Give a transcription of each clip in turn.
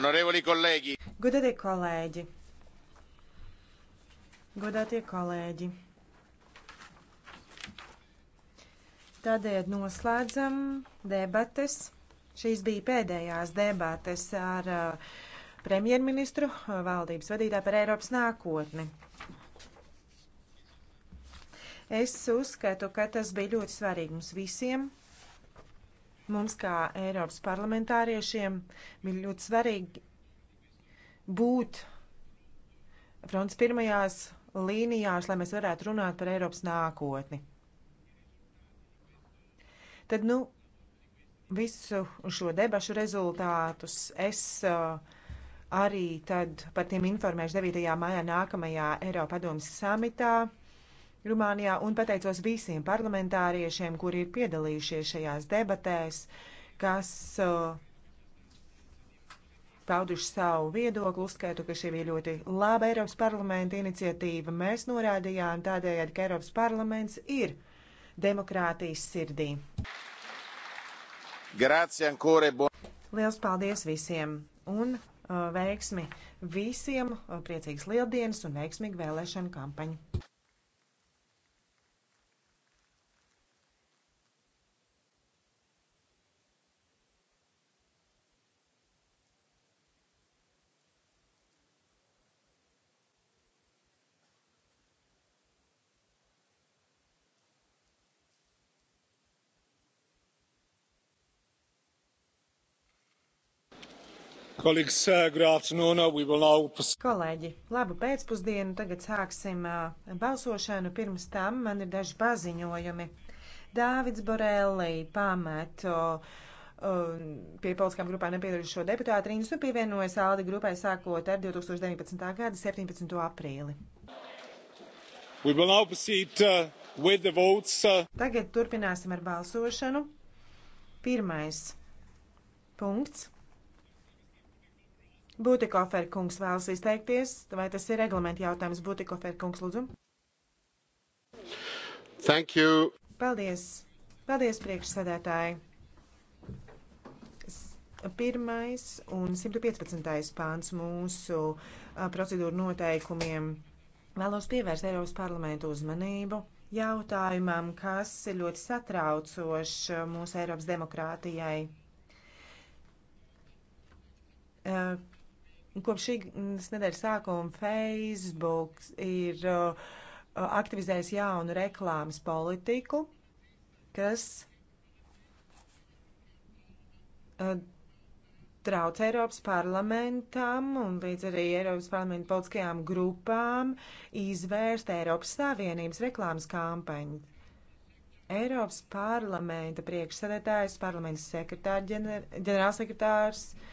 onorevoli colleghi godātie kolēģi godātie kolēģi tādējādi noslēdzam debates šīs bija pēdējās debates ar uh, premjerministru uh, valdības vadītāju par Eiropas nākotni. Es uzskatu, ka tas bija ļoti svarīgi mums visiem. Mums, kā Eiropas parlamentāriešiem, ir ļoti svarīgi būt fronts pirmajās līnijās, lai mēs varētu runāt par Eiropas nākotni. Tad, nu, visu šo debašu rezultātus es uh, arī tad par tiem informēšu 9. maijā nākamajā Eiropadomas samitā. Rumānijā un pateicos visiem parlamentāriešiem, kuri ir piedalījušies šajās debatēs, kas uh, pauduši savu viedokli, uzskaitu, ka šī bija ļoti laba Eiropas parlamenta iniciatīva. Mēs norādījām tādējādi, ka Eiropas parlaments ir demokrātijas sirdī. E Liels paldies visiem un uh, veiksmi visiem, uh, priecīgas lieldienas un veiksmīgu vēlēšanu kampaņu! Uh, uh, Kolēģi, labu pēcpusdienu. Tagad sāksim uh, balsošanu. Pirms tam man ir daži paziņojumi. Dāvids Borelli pameto pie politiskām grupām nepiedarušo deputātu rindus un pievienojas Aldi grupai sākot ar 2019. gada 17. aprīli. Proceed, uh, votes, uh... Tagad turpināsim ar balsošanu. Pirmais punkts. Būtikofer kungs vēlas izteikties, vai tas ir reglamenta jautājums? Būtikofer kungs, lūdzu. Thank you. Paldies. Paldies, priekšsēdētāji. Pirmais un 115. pāns mūsu procedūru noteikumiem vēlos pievērst Eiropas parlamentu uzmanību jautājumam, kas ir ļoti satraucošs mūsu Eiropas demokrātijai Kopš šīs nedēļas sākuma Facebook ir uh, uh, aktivizējis jaunu reklāmas politiku, kas uh, trauc Eiropas parlamentam un līdz arī Eiropas parlamenta politiskajām grupām izvērst Eiropas Savienības reklāmas kampaņu. Eiropas parlamenta priekšsēdētājs, parlamenta sekretārs, ģener ģenerālsekretārs uh,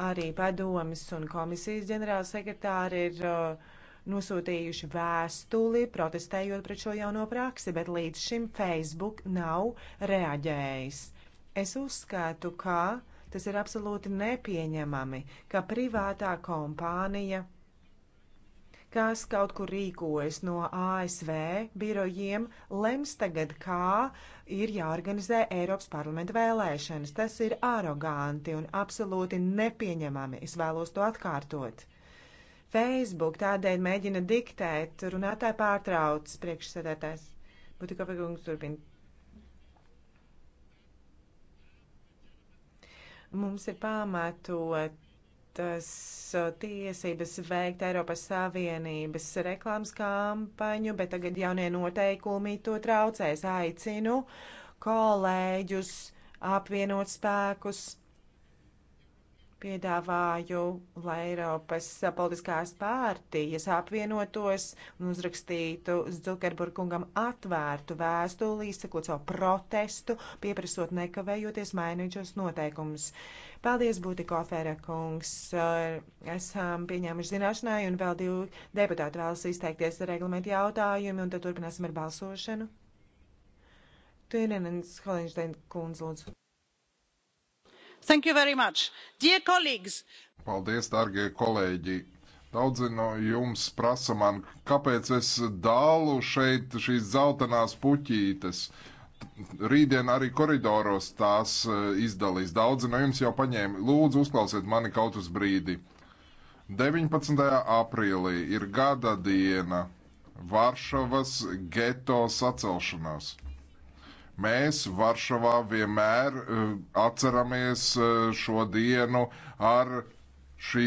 arī padomas un komisijas ģenerālsekretāri ir uh, nosūtījuši vēstuli protestējot pret šo jauno praksi, bet līdz šim Facebook nav reaģējis. Es uzskatu, ka tas ir absolūti nepieņemami, ka privātā kompānija kas kaut kur rīkojas no ASV birojiem, lems tagad, kā ir jāorganizē Eiropas parlamenta vēlēšanas. Tas ir aroganti un absolūti nepieņemami. Es vēlos to atkārtot. Facebook tādēļ mēģina diktēt, runātāji pārtrauc priekšsēdētājs. Butikova kungs turpina. Mums ir pamatot tas tiesības veikt Eiropas Savienības reklāmas kampaņu, bet tagad jaunie noteikumi to traucēs. Aicinu kolēģus apvienot spēkus piedāvāju, lai Eiropas politiskās pārtījas apvienotos un uzrakstītu Zilkerburgam atvērtu vēstuli, izsakot savu protestu, pieprasot nekavējoties mainīt šos noteikumus. Paldies, Būtikofēra kungs. Esam pieņēmuši zināšanai un vēl divi deputāti vēlas izteikties ar reglamentu jautājumu, un tad turpināsim ar balsošanu. Tuinenens Holinštein kundz, lūdzu. Thank you very much. Dear colleagues. Paldies, dārgie kolēģi. Daudzi no jums prasa man, kāpēc es dālu šeit šīs zeltainās puķītes. Rītdien arī koridoros tās e, izdalīs. Daudzi no jums jau paņēma. Lūdzu, uzklausiet mani kaut uz brīdi. 19. aprīlī ir gada diena Varšavas geto sacelšanās. Mēs Varšavā vienmēr e, atceramies e, šo dienu ar šī.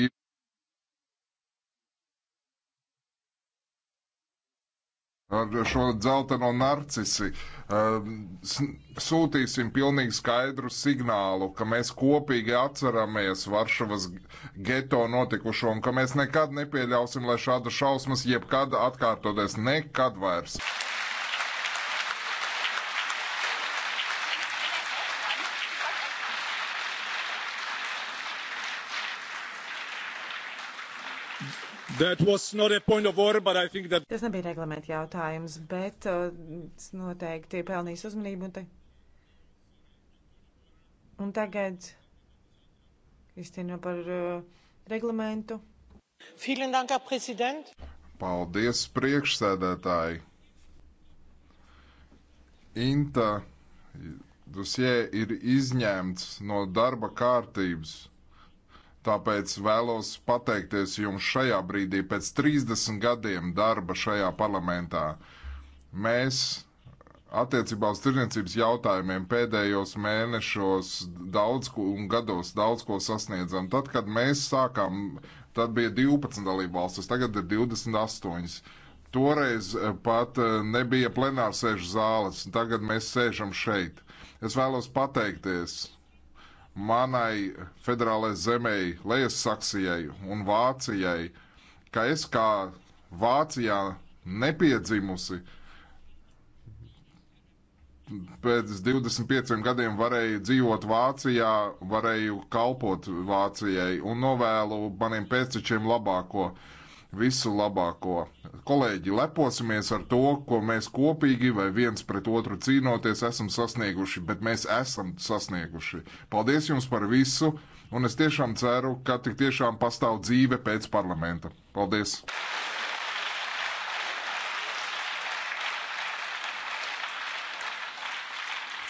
Ar šo dzelteno narcisi e, sūtīsim pilnīgi skaidru signālu, ka mēs kopīgi atceramies Varšavas geto notikušo un ka mēs nekad nepieļausim, lai šāda šausmas jebkad atkārtoties. Nekad vairs! Order, that... Tas nebija reglamenta jautājums, bet uh, tas uh, noteikti pelnīs uzmanību. Un, te... un tagad Kristīna par uh, reglamentu. Dank, Paldies, priekšsēdētāji! Inta dosie ir izņemts no darba kārtības Tāpēc vēlos pateikties jums šajā brīdī, pēc 30 gadiem darba šajā parlamentā. Mēs attiecībā uz tirdzniecības jautājumiem pēdējos mēnešos daudz ko, un gados daudz ko sasniedzam. Tad, kad mēs sākām, tad bija 12 dalībvalstis, tagad ir 28. Toreiz eh, pat eh, nebija plenārsēžu zāles, tagad mēs sēžam šeit. Es vēlos pateikties manai federālajai zemei, Lejasaksijai un Vācijai, ka es kā Vācijā nepiedzimusi pēc 25 gadiem varēju dzīvot Vācijā, varēju kalpot Vācijai un novēlu maniem pēctečiem labāko. Uh, visu labāko. Kolēģi, leposimies ar to, ko mēs kopīgi vai viens pret otru cīnoties esam sasnieguši, bet mēs esam sasnieguši. Paldies jums par visu, un es tiešām ceru, ka tik tiešām pastāv dzīve pēc parlamenta. Paldies!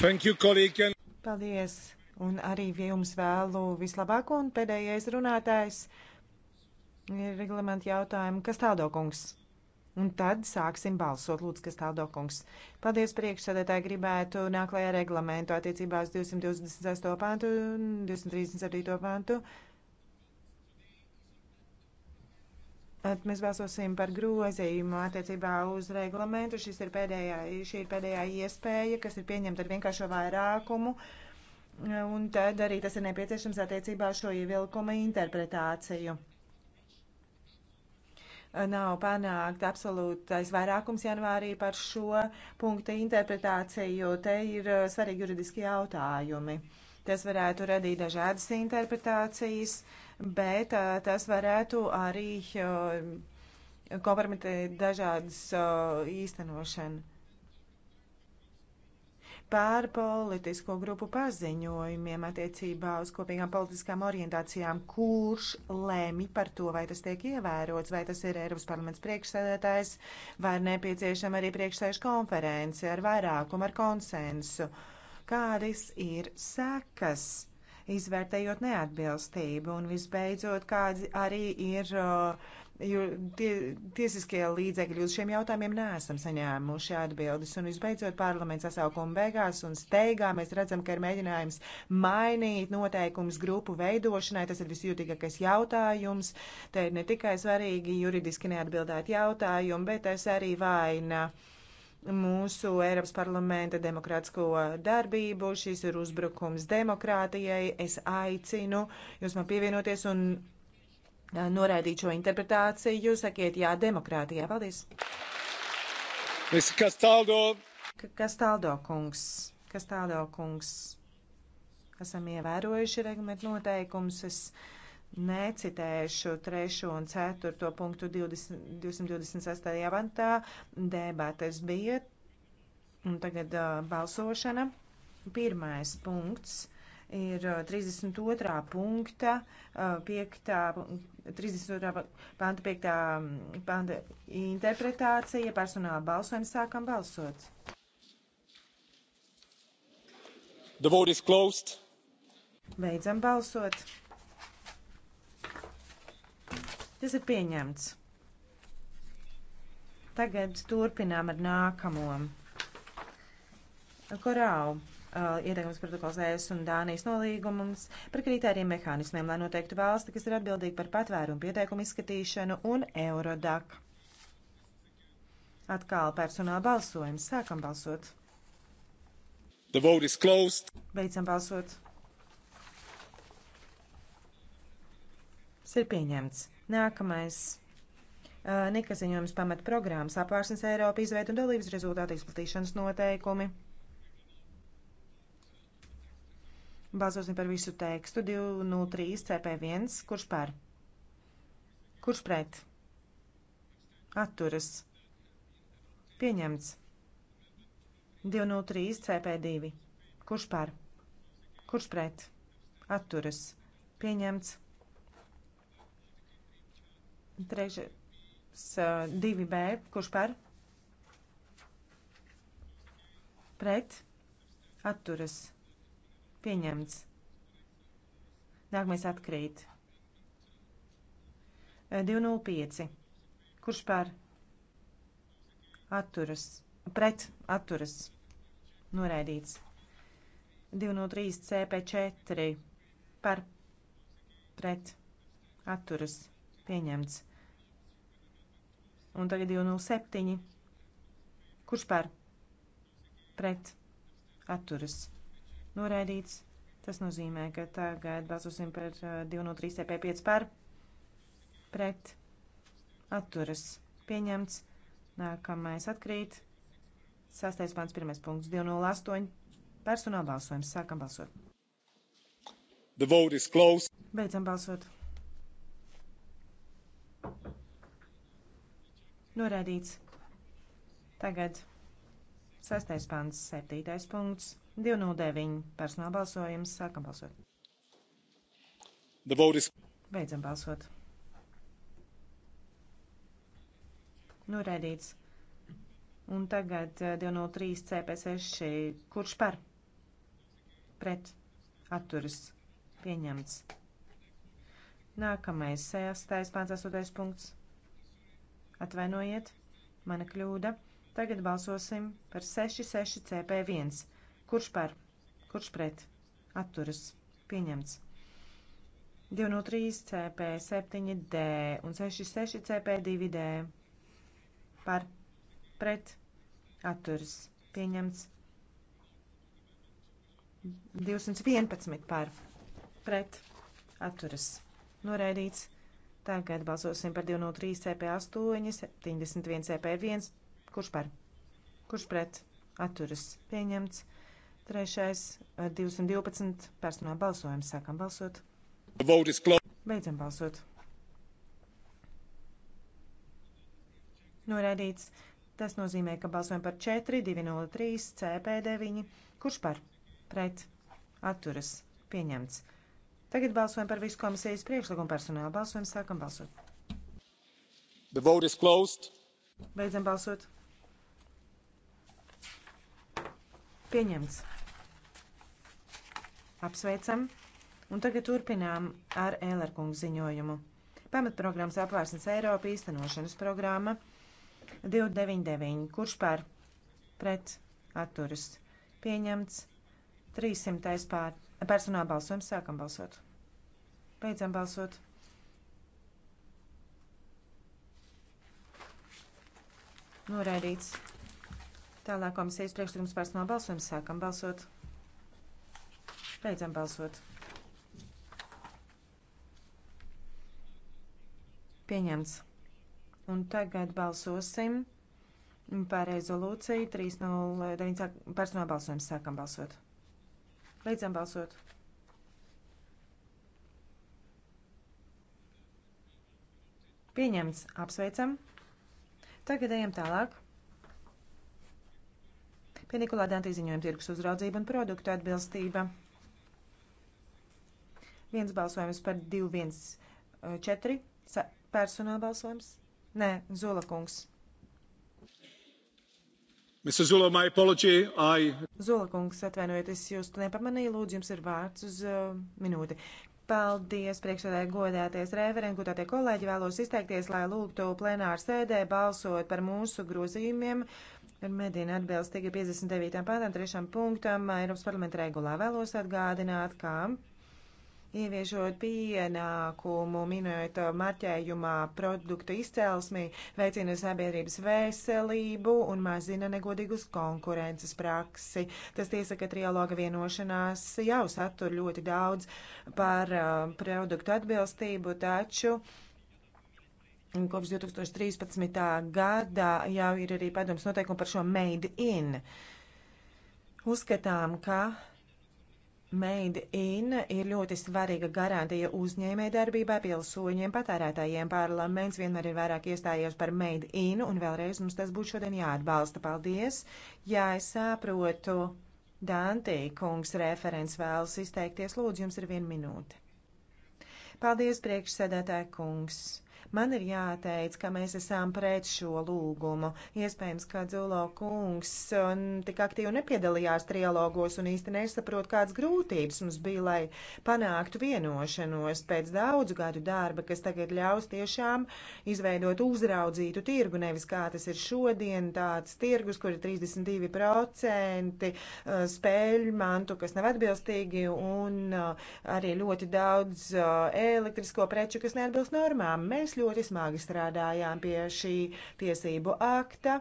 Thank you, kolēģi! Paldies! Un arī jums vēlu vislabāko un pēdējais runātājs. Ir reglamenta jautājumi, kas tādo kungs? Un tad sāksim balsot, lūdzu, kas tādo kungs. Paldies priekšsēdētāji, gribētu nāklajā reglamentu attiecībā uz 228. pantu un 237. pantu. At mēs balsosim par grozījumu attiecībā uz reglamentu. Šis ir pēdējā, šī ir pēdējā iespēja, kas ir pieņemta ar vienkāršo vairākumu. Un tad arī tas ir nepieciešams attiecībā uz šo ievilkuma interpretāciju nav panākt absolūtais vairākums janvārī par šo punktu interpretāciju, jo te ir uh, svarīgi juridiski jautājumi. Tas varētu radīt dažādas interpretācijas, bet uh, tas varētu arī uh, kompromitēt dažādas īstenošanu pār politisko grupu paziņojumiem attiecībā uz kopīgām politiskām orientācijām, kurš lēmi par to, vai tas tiek ievērots, vai tas ir Eiropas parlaments priekšsēdētājs, vai ir nepieciešama arī priekšsēžu konference ar vairākumu, ar konsensu. Kādas ir sekas? Izvērtējot neatbilstību un visbeidzot, kāds arī ir uh, jo tie, tiesiskie līdzekļi uz šiem jautājumiem neesam saņēmuši atbildes. Un visbeidzot, parlaments sasaukuma beigās un steigā mēs redzam, ka ir mēģinājums mainīt noteikums grupu veidošanai. Tas ir visjūtīgākais jautājums. Te ir ne tikai svarīgi juridiski neatbildēt jautājumu, bet tas arī vaina mūsu Eiropas parlamenta demokrātisko darbību. Šis ir uzbrukums demokrātijai. Es aicinu jūs man pievienoties un Eh, noraidīt šo interpretāciju. Jūs sakiet, jā, demokrātijā. Paldies! Kas tāldo? Kas tāldo, kungs? Kas tāldo, kungs? Esam ievērojuši reglamentu noteikumus. Es necitēšu 3. un 4. punktu 20, 228. avantā. Debates bija. Un tagad uh, balsošana. Pirmais punkts ir 32. Eh, punkta, 5. 32. panta 5. panta interpretācija, personāla balsojums, sākam balsot. The vote is closed. Beidzam balsot. Tas ir pieņemts. Tagad turpinām ar nākamo. Korau. Uh, ietekmes protokols ES un Dānijas nolīgumums par kritērijiem mehānismiem, lai noteiktu valsti, kas ir atbildīgi par patvērumu pieteikumu izskatīšanu un Eurodak. Atkal personāla balsojums. Sākam balsot. The vote is closed. Beidzam balsot. Tas ir pieņemts. Nākamais. Uh, Nika ziņojums pamat programmas apvārsnes Eiropa izveidu un dalības rezultātu izplatīšanas noteikumi. Balsosim par visu tekstu 203 CP1. Kurš par? Kurš pret? Atturas. Pieņemts. 203 CP2. Kurš par? Kurš pret? Atturas. Pieņemts. Trešais 2B. Kurš par? Pret? Atturas Pieņemts. Nākamais atkrīt. 205. Kurš pār? Atturas. Pret. Atturas. Noraidīts. 203 CP4. Par. Pret. Atturas. Pieņemts. Un tagad 207. Kurš pār? Pret. Atturas noraidīts. Tas nozīmē, ka tagad balsosim par 2 no 3 CP5 par pret atturas pieņemts. Nākamais atkrīt. Sastais pants, pirmais punkts, 208. Personāla balsojums. Sākam balsot. The vote is closed. Beidzam balsot. Norādīts. Tagad Sastais pants, septītais punkts, 209. Personāla balsojums. Sākam balsot. Is... Beidzam balsot. Noraidīts. Un tagad 203 eh, CP6. Kurš par? Pret. Atturas. Pieņemts. Nākamais 6. pāns 8. punkts. Atvainojiet, mana kļūda. Tagad balsosim par 66 CP1. Kurš par? Kurš pret? Atturas. Pieņemts. 203 CP7D un 66 CP2D. Par? Pret? Atturas. Pieņemts. 211 par? Pret? Atturas. Noraidīts. Tagad balsosim par 203 CP8, 71 CP1 Kurš par? Kurš pret? Atturas pieņemts. Trešais ar 212 personāla balsojumu. Sākam balsot. Beidzam balsot. Noraidīts. Tas nozīmē, ka balsojam par 4, 203, CP9. Kurš par? Pret. Atturas. Pieņemts. Tagad balsojam par visu komisijas priekšlikumu personāla balsojumu. Sākam balsot. Beidzam balsot. Pieņemts. Apsveicam. Un tagad turpinām ar Ēlerkungu ziņojumu. Pamatprogrammas apvērsnes Eiropa īstenošanas programma 299. Kurš pār? Pret. Atturas. Pieņemts. 300. pār. Personāla balsojums. Sākam balsot. Beidzam balsot. Noraidīts. Tālāk komisijas priekšlikums personāla balsojums. Sākam balsot. Beidzam balsot. Pieņemts. Un tagad balsosim par rezolūciju 309. personāla balsojums. Sākam balsot. Beidzam balsot. Pieņemts. Apsveicam. Tagad ejam tālāk. Pie Nikolā Dantī ziņojuma tirgus uzraudzība un produktu atbilstība. Viens balsojums par 214. Eh, personāla balsojums? Nē, Zola kungs. Mr. Zula, my apology. I... Zola kungs, atvainojiet, es jūs nepamanīju. Lūdzu, jums ir vārds uz uh, minūti. Paldies, priekšsēdētāji, godēties referenti, godētie kolēģi. Vēlos izteikties, lai lūgtu plenāru sēdē balsot par mūsu grozījumiem. Ar medīnu atbilst tikai 59. pāntam, 3. punktam Eiropas parlamenta regulā. Vēlos atgādināt, ka ieviešot pienākumu, minējot marķējumā produktu izcelsmi, veicina sabiedrības veselību un mazina negodīgus konkurences praksi. Tas tiesa, ka trialoga vienošanās jau satur ļoti daudz par uh, produktu atbilstību, taču. Kopš 2013. gada jau ir arī padoms noteikumi par šo made in. Uzskatām, ka Made in ir ļoti svarīga garantija uzņēmē darbībā pilsoņiem, patērētājiem. Parlaments vienmēr ir vairāk iestājies par Made in, un vēlreiz mums tas būtu šodien jāatbalsta. Paldies! Jā, es saprotu. Dantī, kungs, referents vēlas izteikties. Lūdzu, jums ir viena minūte. Paldies, priekšsēdētāja kungs! Man ir jāteic, ka mēs esam pret šo lūgumu. Iespējams, ka Dzulo kungs um, tik aktīvi nepiedalījās trialogos un īsti nesaprot, kādas grūtības mums bija, lai panāktu vienošanos pēc daudzu gadu darba, kas tagad ļaus tiešām izveidot uzraudzītu tirgu, nevis kā tas ir šodien, tāds tirgus, kur ir 32% uh, spēļu mantu, kas nav atbilstīgi un uh, arī ļoti daudz uh, elektrisko preču, kas neatbilst normām. Mēs ļoti ļoti smagi strādājām pie šī tiesību akta.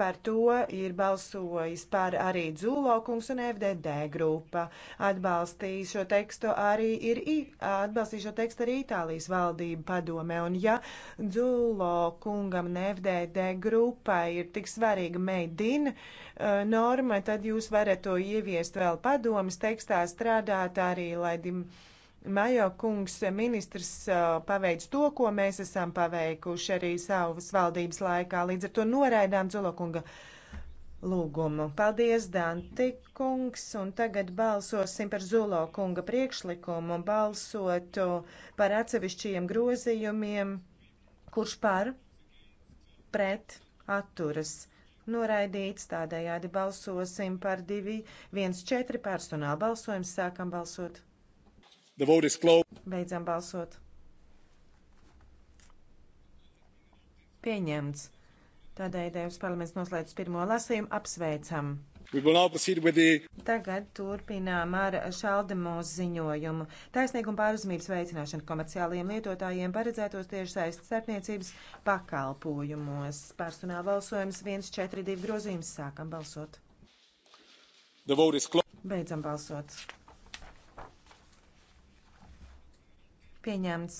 Par to ir balsojis par arī Dzūlokungs un FDD grupa. Atbalstīja šo tekstu arī, ir, atbalstīja šo tekstu arī Itālijas valdība padome. Un ja Dzūlokungam un FDD grupai ir tik svarīga meidina uh, eh, norma, tad jūs varat to ieviest vēl padomas tekstā strādāt arī, lai dim. Uh, Majo kungs ministrs paveic to, ko mēs esam paveikuši arī savas valdības laikā. Līdz ar to noraidām Dzulokunga lūgumu. Paldies, Danti kungs, un tagad balsosim par Zulokunga priekšlikumu, balsotu par atsevišķiem grozījumiem, kurš par, pret, atturas. Noraidīts tādējādi balsosim par 2, 1, 4 personāla balsojums. Sākam balsot! The vote is closed. Beidzam balsot. Pieņemts. Tādēļ Dievs parlaments noslēdz pirmo lasījumu. Apsveicam! The... Tagad turpinām ar šaldemos ziņojumu. Taisnīguma pāruzmības veicināšana komerciāliem lietotājiem paredzētos tieši saistas starpniecības pakalpojumos. Personāla balsojums 142 grozījums. Sākam balsot. Beidzam balsot. pieņemts.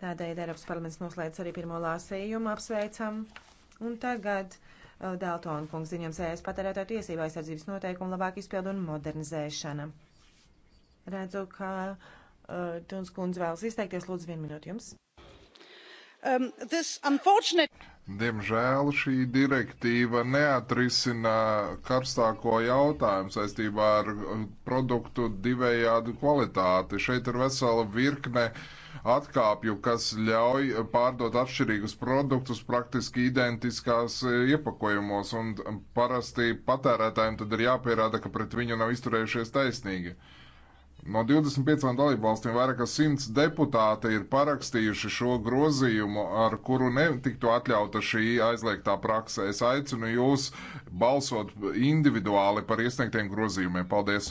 Tādēļ Eiropas parlaments noslēdz arī pirmo lāsējumu, apsveicam. Un tagad uh, Daltona kungs ziņams ēs patērētāju tiesību aizsardzības noteikumu labāk izpildu un modernizēšana. Redzu, ka uh, Tuns kundze vēlas izteikties. Lūdzu, vienu minūti jums. Um, unfortunate... Diemžēl šī direktīva neatrisina karstāko jautājumu saistībā ar um, produktu divējādu kvalitāti. Šeit ir vesela virkne uh, atkāpju, kas ļauj pārdot atšķirīgus produktus praktiski identiskās e, iepakojumos, un um, parasti patērētājiem tad ir jāpierāda, ka pret viņu nav izturējušies taisnīgi. No 25 dalībvalstīm vairāk kā 100 deputāti ir parakstījuši šo grozījumu, ar kuru netiktu atļauta šī aizliegtā praksa. Es aicinu jūs balsot individuāli par iesniegtiem grozījumiem. Paldies!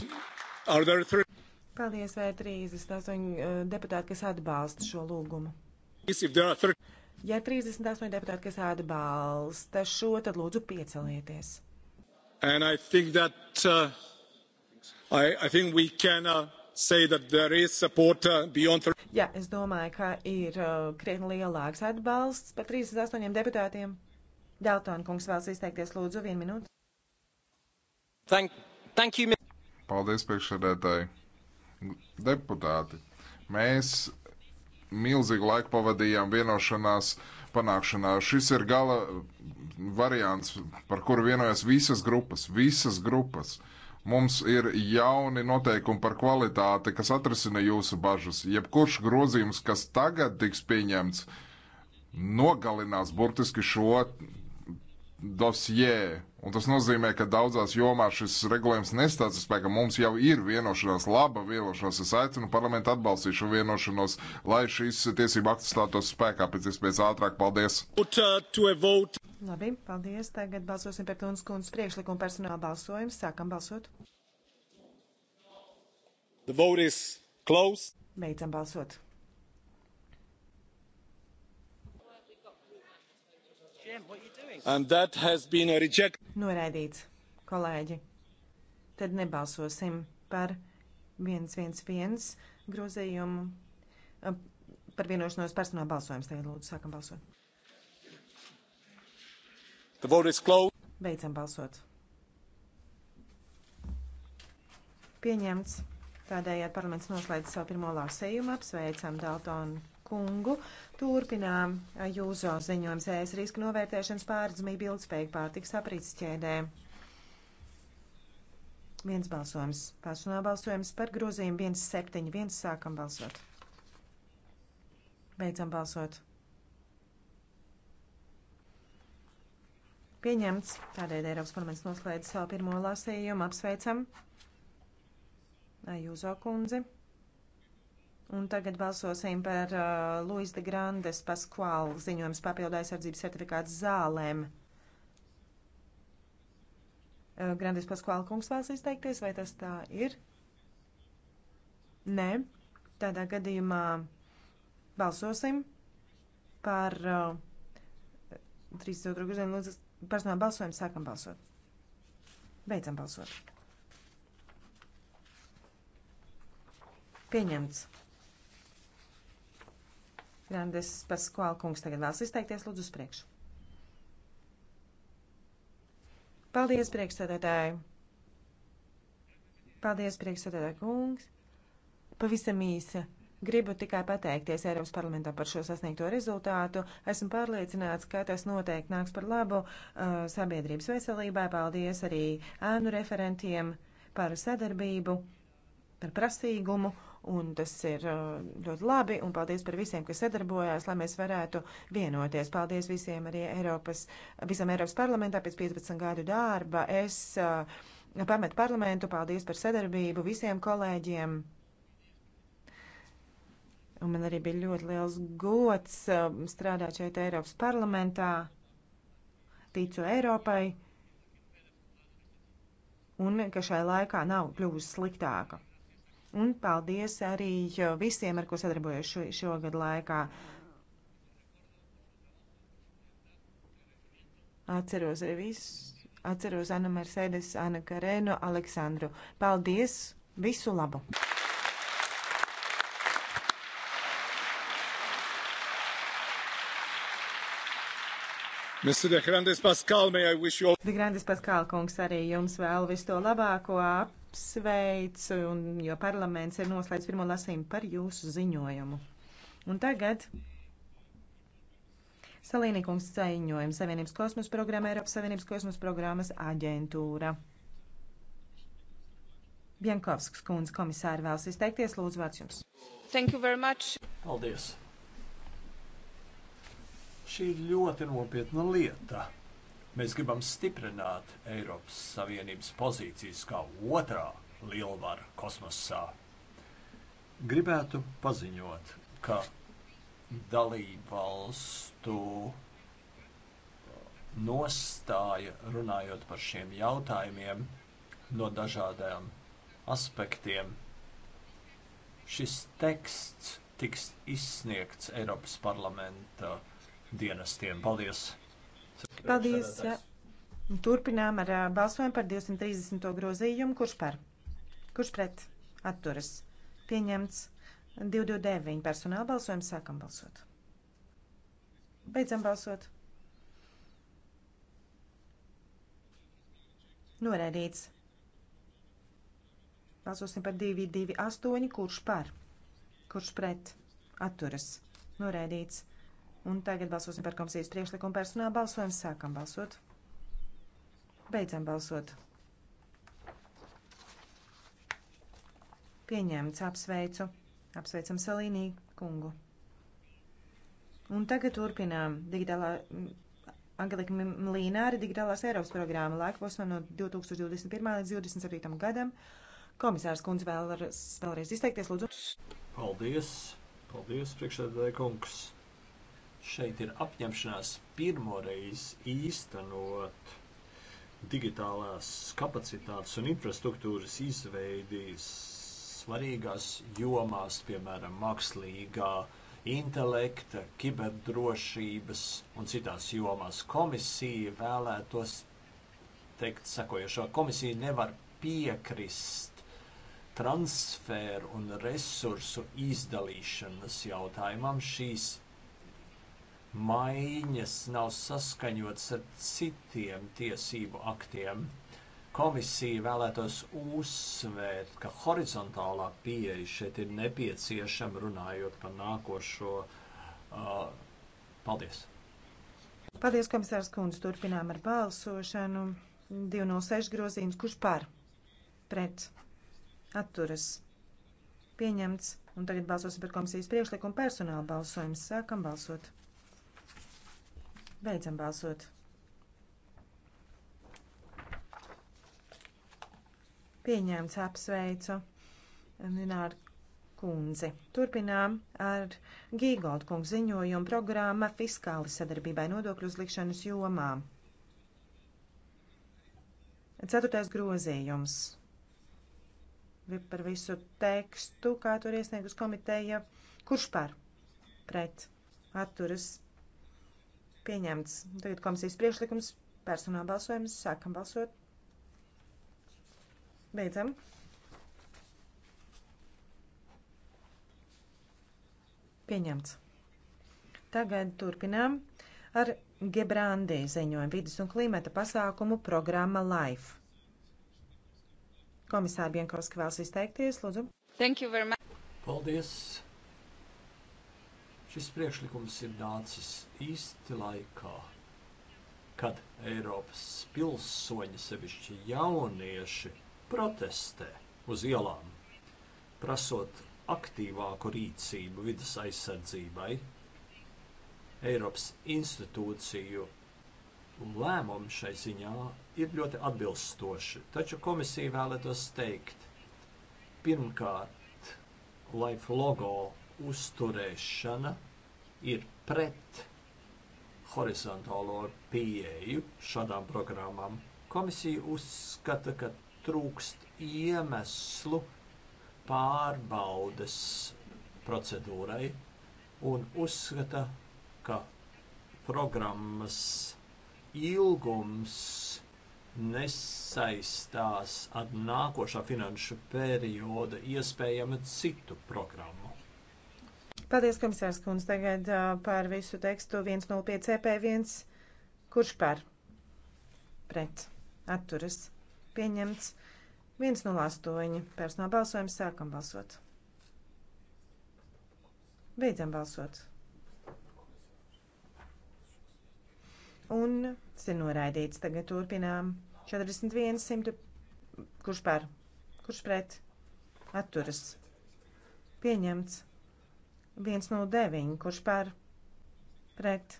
Paldies, vai e 38 e, deputāti, kas atbalsta šo lūgumu. Ja 38 deputāti, kas atbalsta šo, tad lūdzu piecelieties. I think that, uh, I, I think we can, uh, Support, uh, the... Jā, es domāju, ka ir uh, krietni lielāks atbalsts par 38 deputātiem. Daltona kungs vēlas izteikties, lūdzu, vienu minūti. Thank, thank you. Paldies, priekšsēdētāji deputāti, mēs milzīgu laiku pavadījām vienošanās panākšanā. Šis ir gala variants, par kuru vienojas visas grupas, visas grupas. Mums ir jauni noteikumi par kvalitāti, kas atrisina jūsu bažas. Jebkurš grozījums, kas tagad tiks pieņemts, nogalinās burtiski šo dosjē. Un tas nozīmē, ka daudzās jomās šis regulējums nestāsta spēkā. Mums jau ir vienošanās, laba vienošanās. Es aicinu parlamentu atbalstīt šo vienošanos, lai šīs tiesība akts stātos spēkā pēc iespējas ātrāk. Paldies! Labi, paldies. Tagad balsosim par Tunas kundzes priekšlikumu personāla balsojumu. Sākam balsot. The vote is closed. Beidzam balsot. Jim, what you Noraidīts, kolēģi. Tad nebalsosim par 111 grozījumu. Par vienošanos personāla balsojums tagad lūdzu sākam balsot. The vote is closed. Beidzam balsot. Pieņemts. Tādējādi parlaments noslēdz savu pirmo lasējumu. Apsveicam Daltonu kungu. Turpinām jūzo ziņojums ēs riska novērtēšanas pārdzimība ilgspējīgi pārtiks aprīts ķēdē. Viens balsojums. Personāla balsojums par grozījumu 171. Sākam balsot. Beidzam balsot. Pieņemts. Tādēļ Eiropas parlaments noslēdz savu pirmo lasījumu. Apsveicam. Jūzo kundzi. Un tagad balsosim par uh, Luisa de Grandes Paskuāla ziņojums papildu aizsardzības certifikāts zālēm. Uh, Grandes Paskuāla kungs vēlas izteikties, vai tas tā ir? Nē. Tādā gadījumā balsosim par uh, 32. grudiem lūdzu personāla balsojumu. Sākam balsot. Beidzam balsot. Pieņemts. Grandes Paskuāla kungs tagad vēlas izteikties, lūdzu, uz priekšu. Paldies, priekšsēdētāji! Paldies, priekšsēdētāji kungs! Pavisam īsa. Gribu tikai pateikties Eiropas parlamentam par šo sasniegto rezultātu. Esmu pārliecināts, ka tas noteikti nāks par labu uh, sabiedrības veselībai. Paldies arī ēnu referentiem par sadarbību, par prasīgumu un tas ir uh, ļoti labi, un paldies par visiem, kas sadarbojās, lai mēs varētu vienoties. Paldies visiem arī Eiropas, visam Eiropas parlamentā pēc 15 gadu darba. Es uh, pametu parlamentu, paldies par sadarbību visiem kolēģiem. Un man arī bija ļoti liels gods uh, strādāt šeit Eiropas parlamentā. Ticu Eiropai. Un ka šai laikā nav kļuvusi sliktāka. Un paldies arī visiem, ar ko sadarbojos šo, šogad laikā. Atceros arī visus. Atceros Anna Mercedes, Anna Karēnu, Aleksandru. Paldies! Visu labu! Mr. De Grandes Pascal, may I wish you all... De Grandes Pascal kungs arī jums vēl visu to labāko apsveicu, un, jo parlaments ir noslēdz pirmo lasījumu par jūsu ziņojumu. Un tagad Salīnīkums ceļojums Savienības kosmosa programma Eiropas Savienības kosmosa programmas aģentūra. Bienkovskas kundze komisāri vēlas izteikties. Lūdzu, vārds jums. Thank you very much. Paldies. Šī ir ļoti nopietna lieta. Mēs gribam stiprināt Eiropas Savienības pozīcijas kā otrā lielvara kosmosā. Gribētu paziņot, ka dalību valstu nostāja runājot par šiem jautājumiem no dažādiem aspektiem. Šis teksts tiks izsniegts Eiropas parlamenta dienestiem. Paldies! Paldies! Jā. Turpinām ar balsojumu par 230. grozījumu. Kurš par? Kurš pret? Atturas. Pieņemts 229. Personāla balsojums. Sākam balsot. Beidzam balsot. Noraidīts. Balsosim par 228. Kurš par? Kurš pret? Atturas. Noraidīts. Un tagad balsosim par komisijas priekšlikumu personāla balsojumu. Sākam balsot. Beidzam balsot. Pieņemts. Apsveicu. Apsveicam Salīnī kungu. Un tagad turpinām digitālā Angelika Mlīnāri digitālās Eiropas programma laikposmā no 2021. līdz 2027. gadam. Komisārs kundze vēl, vēlreiz izteikties, lūdzu. Paldies, paldies, priekšsēdētāji kungs. Šeit ir apņemšanās pirmoreiz īstenot digitālās kapacitātes un infrastruktūras izveidi svarīgās jomās, piemēram, mākslīgā intelekta, kiberdrošības un citās jomās. Komisija vēlētos teikt sakojošo. Komisija nevar piekrist transferu un resursu izdalīšanas jautājumam. Šīs maiņas nav saskaņotas ar citiem tiesību aktiem. Komisija vēlētos uzsvērt, ka horizontālā pieeja šeit ir nepieciešama runājot par nākošo. Uh, paldies! Paldies, komisārs Kundze. Turpinām ar balsošanu. 206 grozījums. Kurš par? Pret. Atturas. Pieņemts. Un tagad balsosim par komisijas priekšlikumu personāla balsojumu. Sākam balsot. Beidzam balsot. Pieņēmts apsveicu Nināru kundzi. Turpinām ar Gīgold kungu ziņojumu programma fiskāli sadarbībai nodokļu uzlikšanas jomā. Ceturtais grozījums. Par visu tekstu, kā tur iesniegus komiteja, kurš par pret atturas Pieņemts. Tagad komisijas priekšlikums personāla balsojums. Sākam balsot. Beidzam. Pieņemts. Tagad turpinām ar Gebrandī ziņojumu vidas un klimata pasākumu programma LIFE. Komisāri Bienkovski vēlas izteikties, lūdzu. Thank you very much. Paldies. Šis priekšlikums ir nācis īsti laikā, kad Eiropas pilsoņi, sevišķi jaunieši, protestē uz ielām, prasot aktīvāku rīcību vidas aizsardzībai. Eiropas institūciju lēmumi šai ziņā ir ļoti atbilstoši, taču komisija vēlētos teikt, pirmkārt, lai logo uzturēšana ir pret horizontālo pieeju šādām programmām. Komisija uzskata, ka trūkst iemeslu pārbaudas procedūrai un uzskata, ka programmas ilgums nesaistās ar nākošā finanšu perioda iespējama citu programmu. Paldies, komisārs Kunz. Tagad par visu tekstu 105 CP1. E Kurš par? Pret. Atturas. Pieņemts. 108. Personāla balsojums. Sākam balsot. Beidzam balsot. Un tas ir noraidīts. Tagad turpinām. 41, 100. Kurš par? Kurš pret? Atturas. Pieņemts viens no deviņi, kurš par pret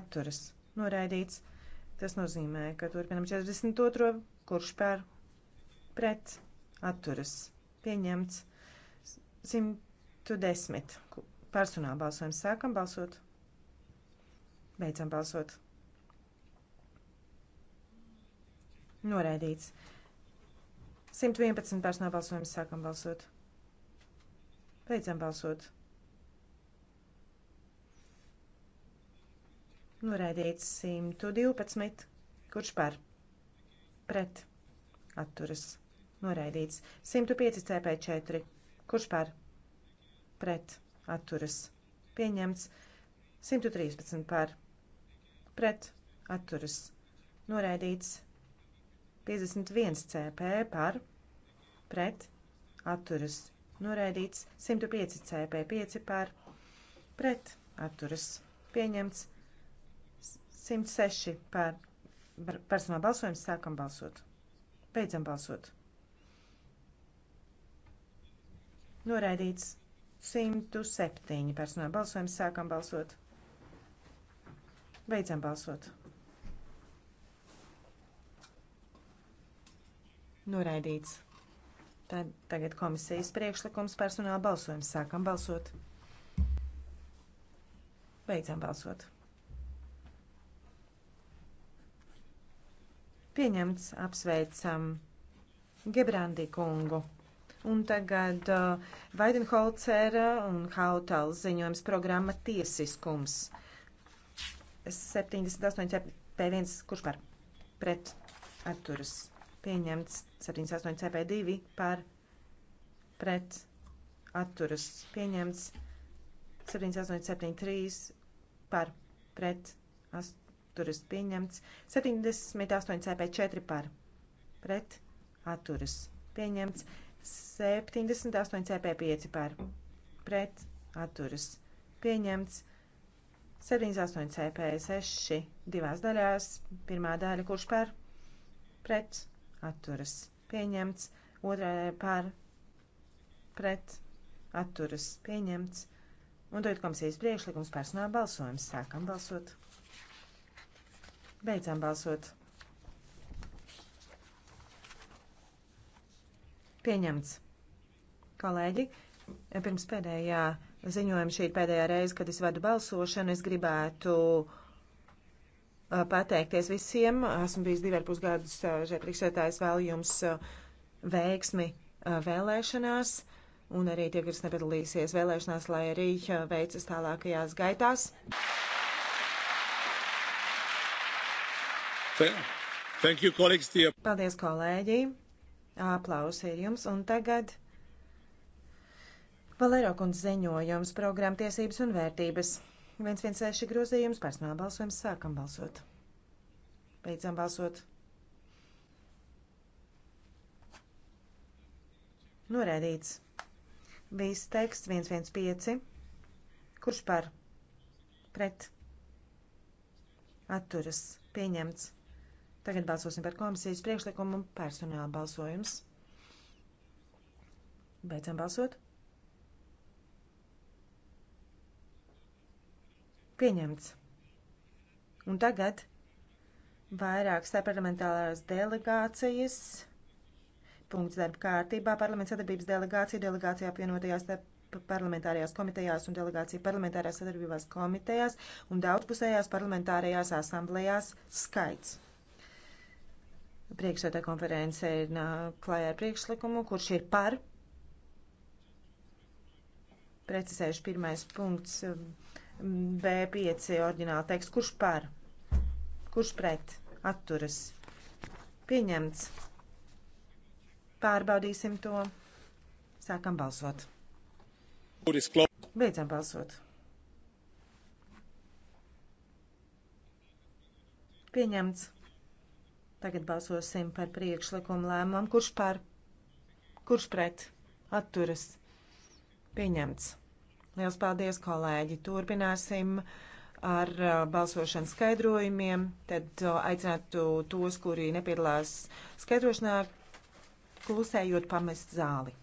atturas noraidīts. Tas nozīmē, ka turpinam 42. kurš par pret atturas pieņemts 110. Personāla balsojums sākam balsot, beidzam balsot. Noraidīts. 111 personāla balsojums sākam balsot. Beidzam balsot. Noraidīts 112. Kurš par? Pret. Atturas. Noraidīts 105 CP4. Kurš par? Pret. Atturas. Pieņemts 113 par. Pret. Atturas. Noraidīts 51 CP par. Pret. Atturas. Noraidīts 105 CP5 par. Pret. Atturas. Pieņemts 106 par personāla balsojums. Sākam balsot. Beidzam balsot. Noraidīts 107 personāla balsojums. Sākam balsot. Beidzam balsot. Noraidīts. Tad, tagad komisijas priekšlikums personāla balsojums. Sākam balsot. Beidzam balsot. Pieņemts, apsveicam Gebrandi kungu. Un tagad uh, Vaidenholcera un Hautals ziņojums programma Tiesiskums. 78 P1, kurš par pret atturas pieņemts 78 CP2 par pret atturas pieņemts 78 73 par pret atturas pieņemts. 78 CP4 par pret atturas pieņemts. 78 CP5 par pret atturas pieņemts. 78 CP6 divās daļās. Pirmā daļa kurš par pret atturas pieņemts. Otrā daļa par pret atturas pieņemts. Un tagad komisijas priekšlikums personāla balsojums. Sākam balsot! Beidzām balsot. Pieņemts. Kolēģi, pirms pēdējā ziņojuma šī ir pēdējā reize, kad es vedu balsošanu, es gribētu uh, pateikties visiem. Esmu bijis divi ar pus gadus uh, šeit priekšsētājs vēl jums uh, veiksmi vēlēšanās un arī tie, kas nepiedalīsies vēlēšanās, lai arī veicas tālākajās gaitās. Thank you, colleagues. Paldies, kolēģi. Aplausi ir jums. Un tagad Valero kundze ziņojums programmtiesības un vērtības. 116 grozījums, personāla balsojums, sākam balsot. Beidzam balsot. Norēdīts. Viss teksts 115. Kurš par? Pret. Atturas. Pieņemts. Tagad balsosim par komisijas priekšlikumu personāla balsojums. Beidzam balsot. Pieņemts. Un tagad vairākas starpparlamentārās delegācijas. Punkts darba kārtībā parlamenta sadarbības delegācija, delegācija apvienotajās parlamentārajās komitejās un delegācija parlamentārajās sadarbībās komitejās un daudzpusējās parlamentārajās asamblējās skaits. Priekšsētā konference ir uh, klājā ar priekšlikumu, kurš ir par. Precizējuši pirmais punkts um, B5 oriģināla teksts. Kurš par? Kurš pret? Atturas. Pieņemts. Pārbaudīsim to. Sākam balsot. Beidzam balsot. Pieņemts. Tagad balsosim par priekšlikumu lēmumu. Kurš par? Kurš pret? Atturas. Pieņemts. Liels paldies, kolēģi. Turpināsim ar uh, balsošanas skaidrojumiem. Tad uh, aicinātu tos, kuri nepiedalās skaidrošanā, klusējot pamest zāli.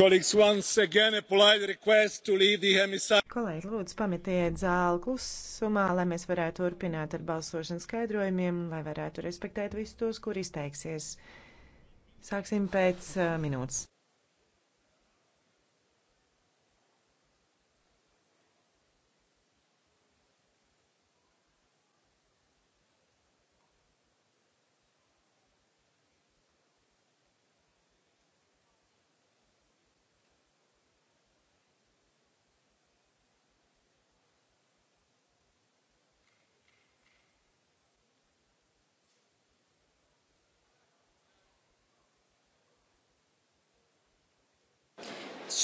Kolēģi, lūdzu, pametiet zāli klusumā, lai mēs varētu turpināt ar balsošanas skaidrojumiem, lai varētu respektēt visus tos, kur izteiksies. Sāksim pēc uh, minūtes.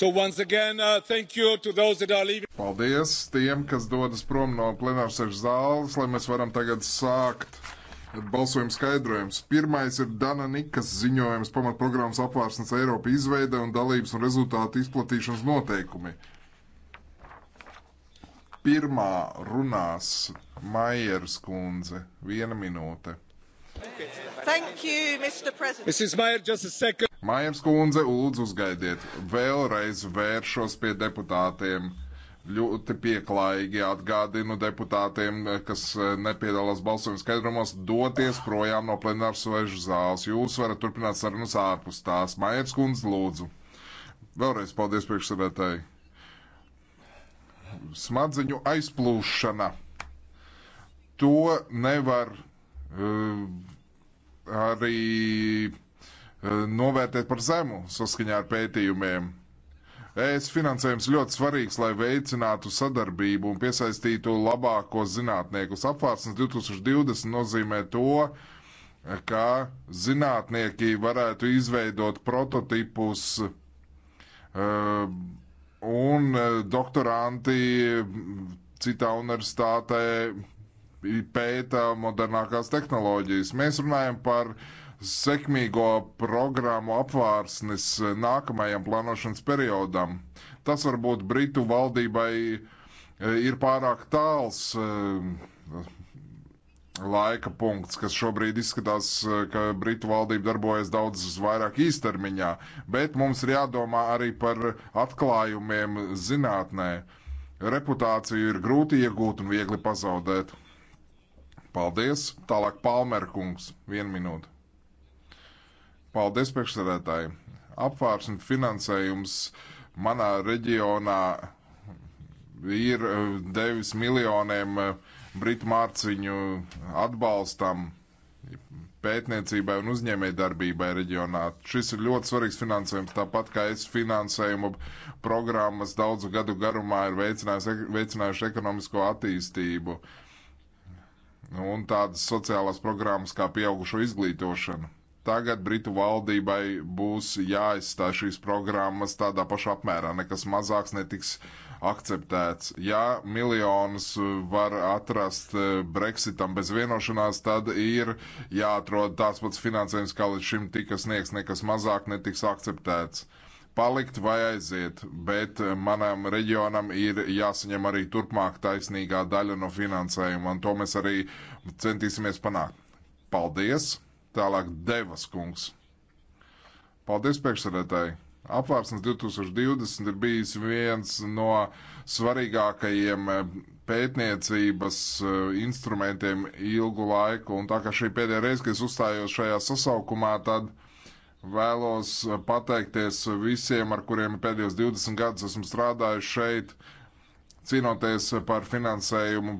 So once again, uh, thank you to those that are leaving. Paldies tiem, kas dodas prom no plenārsēžu zāles, lai mēs varam tagad sākt balsojumu skaidrojums. Pirmais ir Dana Nikas ziņojums pamatprogrammas apvārsnes Eiropa izveide un dalības un rezultātu izplatīšanas noteikumi. Pirmā runās Maieres kundze. Viena minūte. Thank you, Mr. President. Mrs. Maier, just a second. Mājams kundze, lūdzu uzgaidiet. Vēlreiz vēršos pie deputātiem. Ļoti pieklājīgi atgādinu deputātiem, kas eh, nepiedalās balsojuma skaidrumos, doties projām no plenāras svežu zāles. Jūs varat turpināt sarunas ārpus tās. Mājams kundze, lūdzu. Vēlreiz paldies priekšsēdētāji. Smadziņu aizplūšana. To nevar uh, arī Eh, novērtēt par zemu saskaņā ar pētījumiem. ES finansējums ļoti svarīgs, lai veicinātu sadarbību un piesaistītu labākos zinātniekus. Apvārsnes 2020 nozīmē to, ka zinātnieki varētu izveidot prototipus eh, un eh, doktoranti citā universitātē pēta modernākās tehnoloģijas. Mēs runājam par uh, sekmīgo programmu apvārsnes eh, nākamajam plānošanas periodam. Tas varbūt Britu valdībai eh, ir pārāk tāls eh, laika punkts, kas šobrīd izskatās, ka Britu valdība darbojas daudz vairāk īstermiņā, bet mums ir jādomā arī par atklājumiem zinātnē. Reputāciju ir grūti iegūt un viegli pazaudēt. Paldies! Tālāk Palmerkungs, vienu minūti. Paldies, priekšsēdētāji. Apvārsme finansējums manā reģionā ir eh, devis miljoniem eh, britu mārciņu atbalstam pētniecībai un uzņēmējdarbībai reģionā. Šis ir ļoti svarīgs finansējums, tāpat kā es finansējumu programmas daudzu gadu garumā ir veicinājuši ekonomisko attīstību un tādas sociālās programmas kā pieaugušo izglītošanu Tagad Britu valdībai būs jāizstāj šīs programmas tādā pašā apmērā, nekas mazāks netiks akceptēts. Ja miljonus var atrast eh, Brexitam bez vienošanās, tad ir jāatrod tāds pats finansējums, kā līdz šim tika sniegts, nekas mazāk netiks akceptēts. Palikt vai aiziet, bet manam reģionam ir jāsaņem arī turpmāk taisnīgā daļa no finansējuma, un to mēs arī centīsimies panākt. Paldies! Tālāk Devas kungs. Paldies priekšsēdētāji! Apvārsnes 2020 ir bijis viens no svarīgākajiem eh, pētniecības eh, instrumentiem ilgu laiku, un tā kā šī pēdējā reize, kad es uzstājos šajā sasaukumā, tad vēlos eh, pateikties visiem, ar kuriem pēdējos 20 gadus esmu strādājis šeit, cīnoties par finansējumu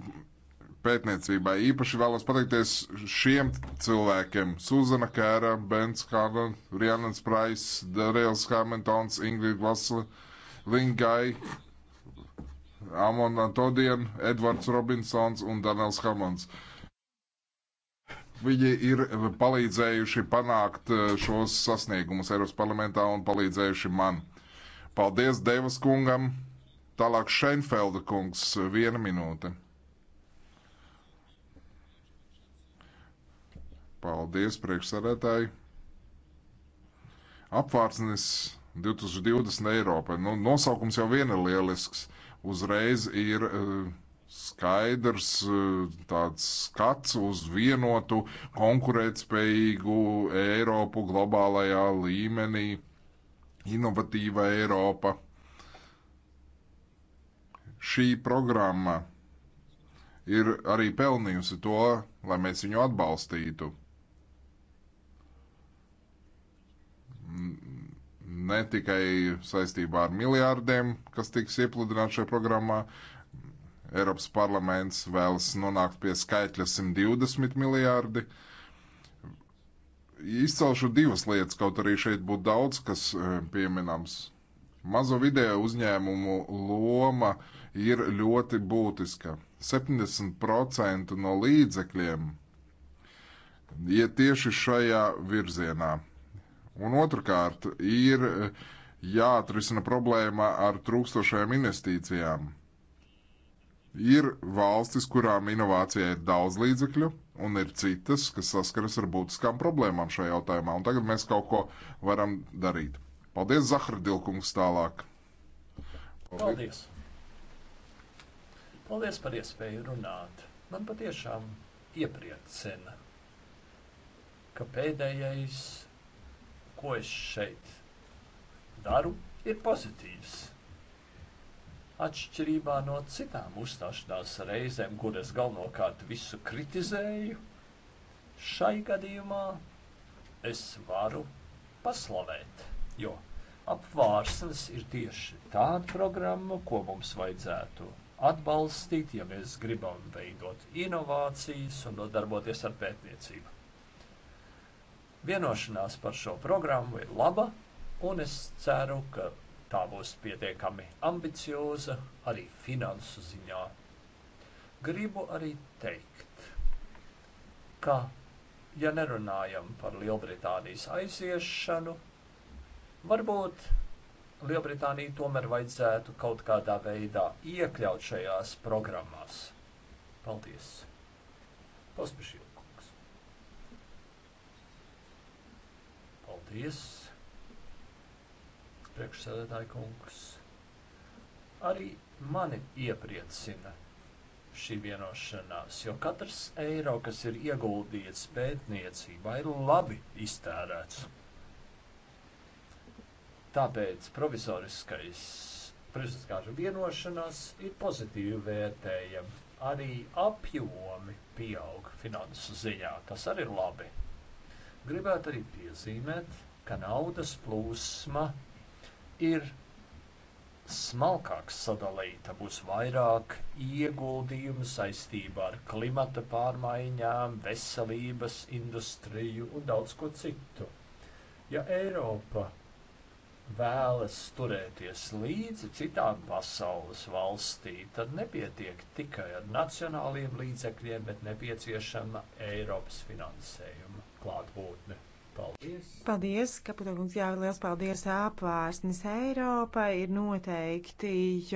pētniecībai. Īpaši vēlos pateikties šiem cilvēkiem - Suzana Kēra, Bens Hārlan, Rianans Prais, Darēls Hamiltons, Ingrid Vasle, Lingai, Amon Antodien, Edvards Robinsons un Daniels Hamons. Viņi ir palīdzējuši panākt eh, šos sasniegumus Eiropas parlamentā un palīdzējuši man. Paldies Devas kungam! Tālāk Šeinfelda kungs, viena minūte. Paldies, priekšsarētāji. Apvārtsnis 2020 Eiropai. Nu, nosaukums jau vien ir lielisks. Uzreiz ir uh, skaidrs uh, tāds skats uz vienotu, konkurētspējīgu Eiropu globālajā līmenī, inovatīva Eiropa. Šī programma ir arī pelnījusi to, lai mēs viņu atbalstītu ne tikai saistībā ar miljārdiem, kas tiks iepludināti šajā programmā. Eiropas parlaments vēlas nonākt pie skaitļa 120 miljārdi. Izcelšu divas lietas, kaut arī šeit būtu daudz, kas eh, pieminams. Mazo video uzņēmumu loma ir ļoti būtiska. 70% no līdzekļiem iet ja tieši šajā virzienā. Un otrkārt, ir eh, jāatrisina problēma ar trūkstošajām investīcijām. Ir valstis, kurām inovācijai ir daudz līdzekļu, un ir citas, kas saskaras ar būtiskām problēmām šajā jautājumā. Un tagad mēs kaut ko varam darīt. Paldies, Zahardilkungs, tālāk. Paldies. Paldies. Paldies par iespēju runāt. Man patiešām iepriecina, ka pēdējais ko es šeit daru, ir pozitīvs. Atšķirībā no citām uzstāšanās reizēm, kuras galvenokārt visu kritizēju, šai gadījumā es varu paslavēt, jo apvārsnes ir tieši tāda programma, ko mums vajadzētu atbalstīt, ja mēs gribam veidot inovācijas un nodarboties ar pētniecību. Vienošanās par šo programmu ir laba, un es ceru, ka tā būs pietiekami ambicioza arī finansu ziņā. Gribu arī teikt, ka, ja nerunājam par Lielbritānijas aiziešanu, varbūt Lielbritāniju tomēr vajadzētu kaut kādā veidā iekļaut šajās programmās. Paldies! Pospešī! Paldies, priekšsēdētāji kungs. Arī mani iepriecina šī vienošanās, jo katrs eiro, kas ir ieguldīts pētniecībā, ir labi iztērēts. Tāpēc provizoriskais prezidentskāžu vienošanās ir pozitīvi vērtējama. Arī apjomi pieaug finansu ziņā, tas arī ir labi. Gribētu arī piezīmēt, ka naudas plūsma ir smalkāk sadalīta, būs vairāk ieguldījumu saistībā ar klimata pārmaiņām, veselības industriju un daudz ko citu. Ja Eiropa vēlas turēties līdzi citām pasaules valstī, tad nepietiek tikai ar nacionāliem līdzekļiem, bet nepieciešama Eiropas finansējuma klātbūtni. Paldies! Paldies, Kaputokungs, jā, liels paldies apvārsnes Eiropai ir noteikti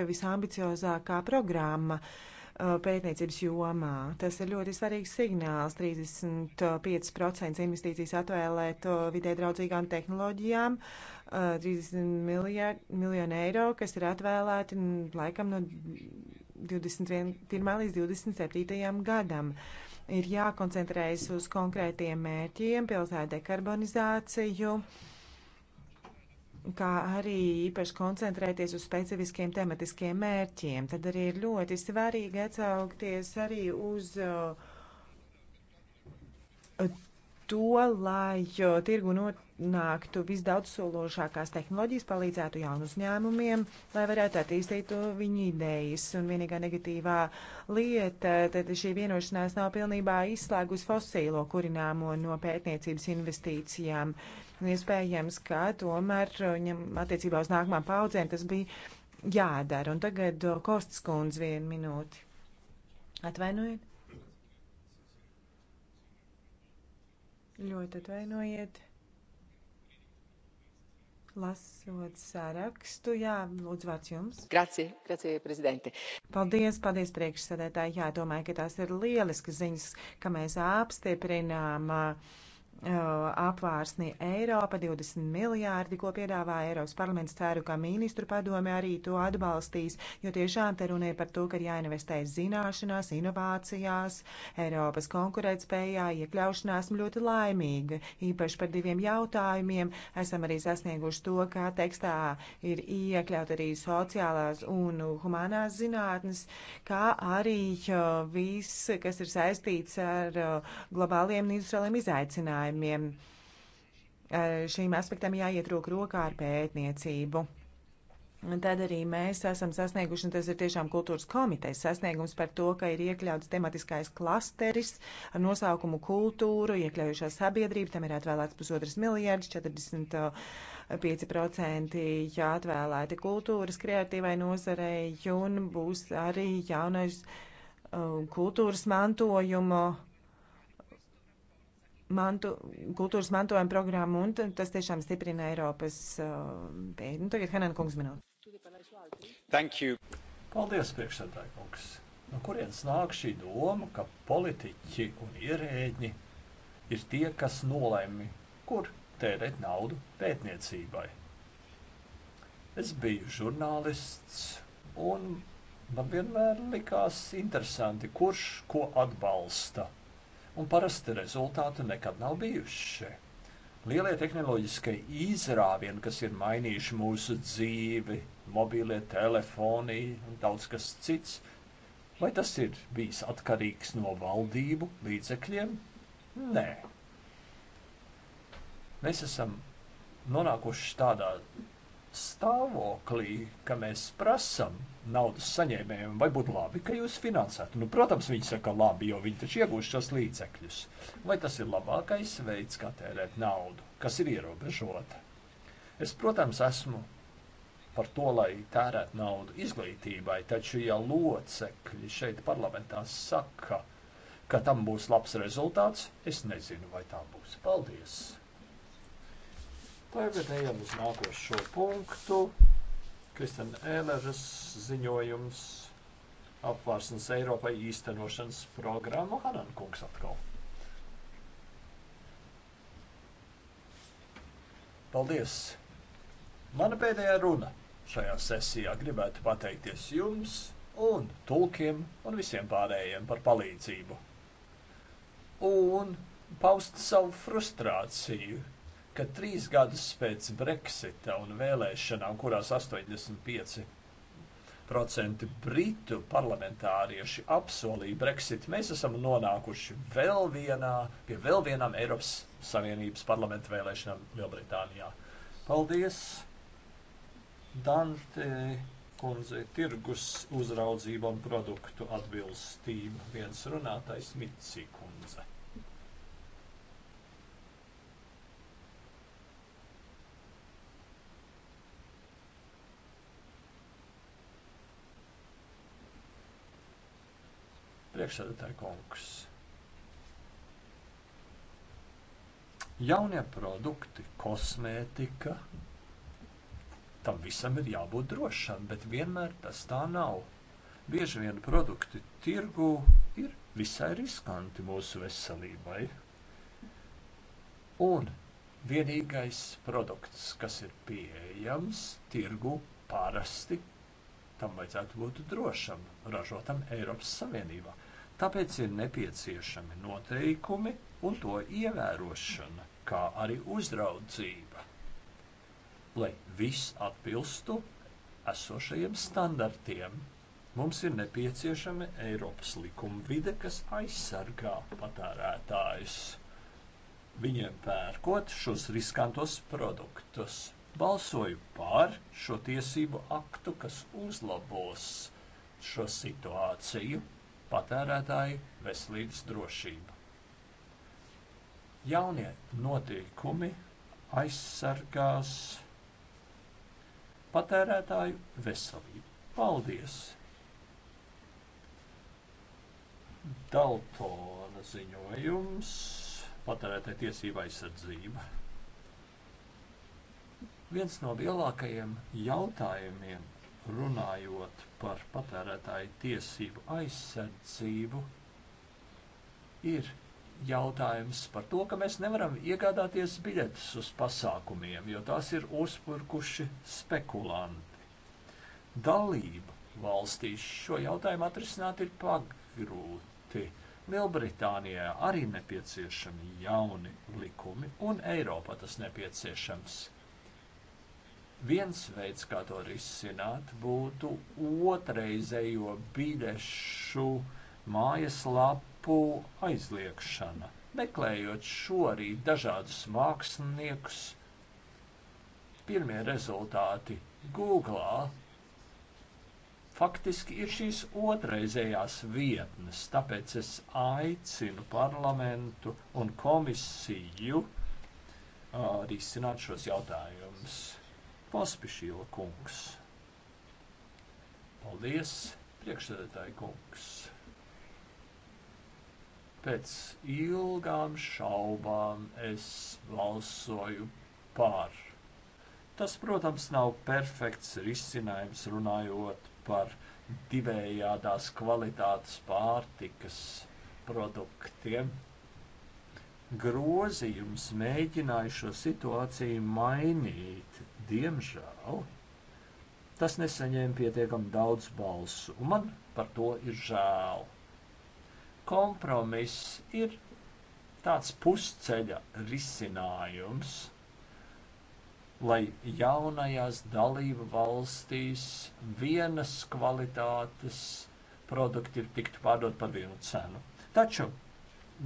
visambiciozākā programma uh, pētniecības jomā. Tas ir ļoti svarīgs signāls. 35% investīcijas atvēlēt uh, vidē draudzīgām tehnoloģijām, 30 uh, miljonu eiro, kas ir atvēlēti laikam no 21. līdz 27. gadam. Uh, Ir jākoncentrējas uz konkrētiem mērķiem, pilsētu dekarbonizāciju, kā arī īpaši koncentrēties uz specifiskiem tematiskiem mērķiem. Tad arī ir ļoti svarīgi atsaukties arī uz uh, to, lai uh, tirgu not nāktu visdaudzsološākās tehnoloģijas, palīdzētu jaunu uzņēmumiem, lai varētu attīstīt viņu idejas. Un vienīgā negatīvā lieta, tad šī vienošanās nav pilnībā izslēgus fosīlo kurināmo no pētniecības investīcijām. Iespējams, ka tomēr ņem attiecībā uz nākamām paudzēm tas bija jādara. Un tagad Kostas kundze vienu minūti. Atvainojiet. Ļoti atvainojiet. Lasot sarakstu, jā, lūdzu vārds jums. Grazie, grazie, prezidente. Paldies, paldies priekšsēdētāji. Jā, domāju, ka tās ir lieliskas ziņas, ka mēs apstiprinām uh, apvārsni Eiropa, 20 miljārdi, ko piedāvā Eiropas parlaments. Ceru, ka ministru padome arī to atbalstīs, jo tiešām te runē par to, ka ir jāinvestē zināšanās, inovācijās, Eiropas konkurētspējā, iekļaušanā. Esmu ļoti laimīga, īpaši par diviem jautājumiem. Esam arī sasnieguši to, kā tekstā ir iekļaut arī sociālās un humanās zinātnes, kā arī viss, kas ir saistīts ar globāliem industriāliem izaicinājumiem risinājumiem. Šīm aspektam jāiet roku rokā ar pētniecību. Un tad arī mēs esam sasnieguši, un tas ir tiešām kultūras komitejas sasniegums par to, ka ir iekļauts tematiskais klasteris ar nosaukumu kultūru, iekļaujušās sabiedrība, tam ir atvēlēts pusotras miljārdas, 45% jāatvēlēti kultūras kreatīvai nozarei, un būs arī jaunais uh, kultūras mantojuma uh, mantu, kultūras mantojuma programmu, un tas tiešām stiprina Eiropas um, pēdu. Nu, tagad Henan kungs minūte. Paldies, priekšsēdētāji kungs. No kurienes nāk šī doma, ka politiķi un ierēģi ir tie, kas nolēmi, kur tērēt naudu pētniecībai? Es biju žurnālists, un man vienmēr likās interesanti, kurš ko atbalsta un parasti rezultāti nekad nav bijuši. Lielie tehnoloģiskie izrāvieni, kas ir mainījuši mūsu dzīvi, mobīlie telefoni un daudz kas cits, vai tas ir bijis atkarīgs no valdību līdzekļiem? Nē. Mēs esam nonākuši tādā stāvoklī, ka mēs prasam naudas saņēmējiem, vai būtu labi, ka jūs finansētu. Nu, protams, viņi saka, labi, jo viņi taču iegūst šos līdzekļus. Vai tas ir labākais veids, kā tērēt naudu, kas ir ierobežota? Es, protams, esmu par to, lai tērētu naudu izglītībai, taču, ja locekļi šeit parlamentā saka, ka tam būs labs rezultāts, es nezinu, vai tā būs. Paldies! Tagad ejam uz nākošo punktu. Kristina Ēleres ziņojums apvārsnes Eiropai īstenošanas programmu. Hanan kungs atkal. Paldies! Mana pēdējā runa šajā sesijā gribētu pateikties jums un tulkiem un visiem pārējiem par palīdzību. Un paust savu frustrāciju ka trīs gadus pēc Brexita un vēlēšanām, kurās 85% britu parlamentārieši apsolīja Brexit, mēs esam nonākuši vēl vienā, pie vēl vienām Eiropas Savienības parlamenta vēlēšanām Lielbritānijā. Paldies! Dante kundze tirgus uzraudzība un produktu atbilstība. Viens runātais Mitsi kundze. priekšsēdētāja kungs. Jaunie produkti, kosmētika, tam visam ir jābūt drošam, bet vienmēr tas tā nav. Bieži vien produkti tirgu ir visai riskanti mūsu veselībai. Un vienīgais produkts, kas ir pieejams tirgu parasti, tam vajadzētu būt drošam, ražotam Eiropas Savienībā. Tāpēc ir nepieciešami noteikumi un to ievērošana, kā arī uzraudzība, lai viss atbilstu esošajiem standartiem. Mums ir nepieciešama Eiropas likuma vide, kas aizsargā patērētājus. Viņiem pērkot šos riskantos produktus. Balsoju par šo tiesību aktu, kas uzlabos šo situāciju patērētāju veselības drošību. Jaunie notiekumi aizsargās patērētāju veselību. Paldies! Daltona ziņojums - patērētāja tiesība aizsardzība. Viens no lielākajiem jautājumiem Runājot par patērētāju tiesību aizsardzību, ir jautājums par to, ka mēs nevaram iegādāties biļetes uz pasākumiem, jo tās ir uzpirkuši spekulanti. Dalība valstīs šo jautājumu atrisināt ir pagrūti. Lielbritānijā arī nepieciešami jauni likumi, un Eiropā tas nepieciešams. Viens veids, kā to risināt, būtu otrreizējo biļešu mājaslapu aizliekšana. Meklējot šorīt dažādus māksliniekus, pirmie rezultāti Google faktiski ir šīs otrreizējās vietnes, tāpēc es aicinu parlamentu un komisiju uh, risināt šos jautājumus. Paspišīla kungs. Paldies, priekšsēdētāji kungs. Pēc ilgām šaubām es balsoju par. Tas, protams, nav perfekts risinājums runājot par divējādās kvalitātes pārtikas produktiem. Grozījums mēģināja šo situāciju mainīt, Diemžēl tas nesaņēma pietiekami daudz balsu, un man par to ir žēl. Kompromiss ir tāds pusceļa risinājums, lai jaunajās dalību valstīs vienas kvalitātes produkti ir tiktu pārdot par vienu cenu. Taču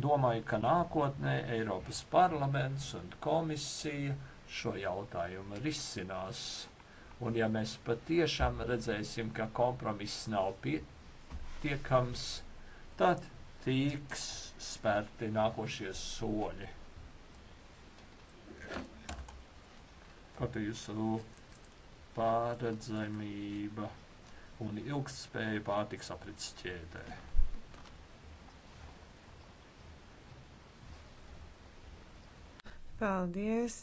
domāju, ka nākotnē Eiropas parlaments un komisija – šo jautājumu risinās. Un ja mēs patiešām redzēsim, ka kompromiss nav pietiekams, tad tiks spērti nākošie soļi. Kaut jūsu pārredzamība un ilgspēja pārtiks aprits ķēdē. Paldies!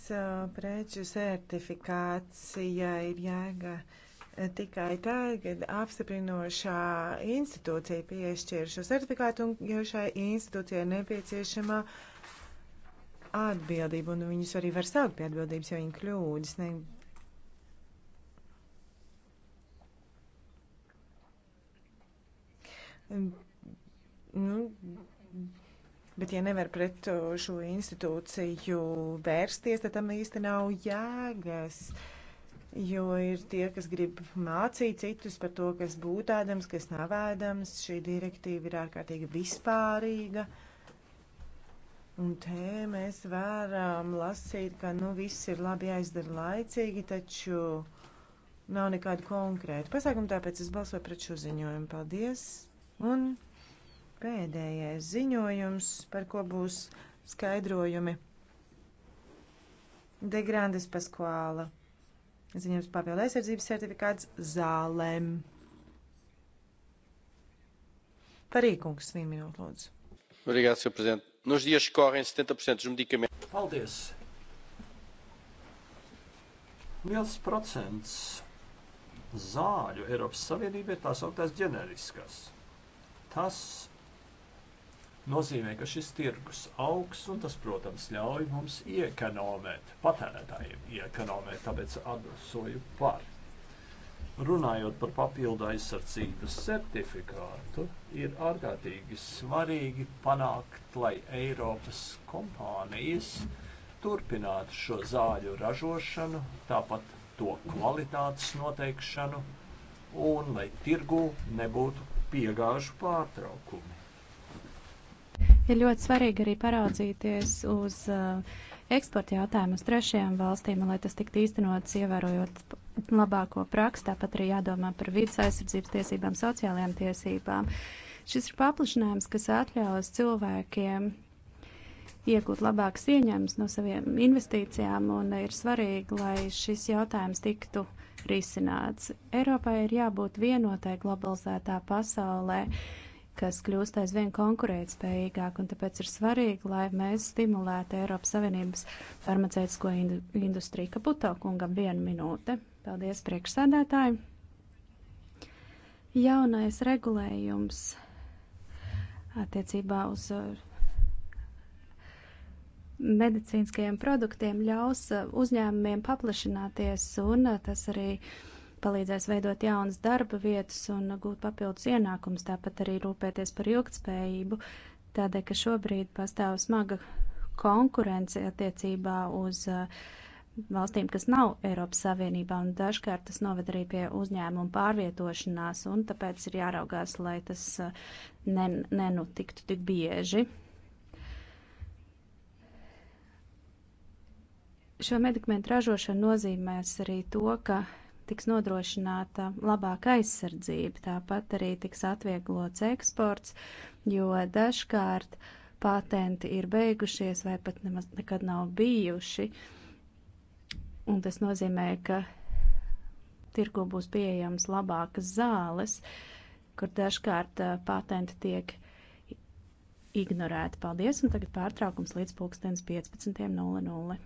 Preču certifikācija ir jēga tikai tad, kad apstiprinošā institūcija piešķir šo certifikātu un jau šai institūcijai nepieciešama atbildība, un viņus arī var saukt pie atbildības, ja viņi kļūdas. Ne... Nu, Bet, ja nevar pret uh, šo institūciju vērsties, tad tam īsti nav jēgas. Jo ir tie, kas grib mācīt citus par to, kas būtu ēdams, kas nav ēdams. Šī direktīva ir ārkārtīgi vispārīga. Un te mēs varam lasīt, ka nu, viss ir labi aizdara laicīgi, taču nav nekādu konkrētu pasākumu, tāpēc es balsoju pret šo ziņojumu. Paldies! Un Pēdējais ziņojums, par ko būs skaidrojumi. De Grandes Paskvāla. Ziņojums papildu aizsardzības certifikāts zālēm. Parīkungs, vienu minūtu lūdzu. Obrigado, Sr. Presidente. Nos dias que correm, 70% dos medicamentos. Paldies! Liels procents zāļu Eiropas Savienībā ir tās augtās ģeneriskās. Tas nozīmē, ka šis tirgus augs, un tas, protams, ļauj mums iekonomēt, patērētājiem iekonomēt, tāpēc atbalsoju par. Runājot par papildu aizsardzības certifikātu, ir ārkārtīgi svarīgi panākt, lai Eiropas kompānijas turpinātu šo zāļu ražošanu, tāpat to kvalitātes noteikšanu, un lai tirgū nebūtu piegāžu pārtraukumi. Ir ļoti svarīgi arī paraudzīties uz uh, eksporta jautājumu uz trešajām valstīm, lai tas tiktu īstenots, ievērojot labāko praksi, tāpat arī jādomā par vidas aizsardzības tiesībām, sociālajām tiesībām. Šis ir paplašinājums, kas atļaus cilvēkiem iegūt labākas ieņēmumus no saviem investīcijām, un ir svarīgi, lai šis jautājums tiktu risināts. Eiropai ir jābūt vienotai globalizētā pasaulē. Uh, kas kļūst aizvien konkurētspējīgāk, un tāpēc ir svarīgi, lai mēs stimulētu Eiropas Savienības farmaceitisko industriju. Kaputo kungam viena minūte. Paldies, priekšsēdētāji! Jaunais regulējums attiecībā uz uh, medicīniskajiem produktiem ļaus uh, uzņēmumiem paplašināties, un uh, tas arī uh, palīdzēs veidot jaunas darba vietas un gūt papildus ienākumus, tāpat arī rūpēties par ilgtspējību, tādēļ, ka šobrīd pastāv smaga konkurence attiecībā uz uh, valstīm, kas nav Eiropas Savienībā, un dažkārt tas noved arī pie uzņēmumu pārvietošanās, un tāpēc ir jāraugās, lai tas uh, nen nenotiktu tik bieži. Šo medikamentu ražošana nozīmēs arī to, ka tiks nodrošināta labāka aizsardzība, tāpat arī tiks atvieglots eksports, jo dažkārt patenti ir beigušies vai pat nemaz nekad nav bijuši. Un tas nozīmē, ka tirgu būs pieejamas labākas zāles, kur dažkārt patenti tiek ignorēti. Paldies, un tagad pārtraukums līdz pulkstens 15.00.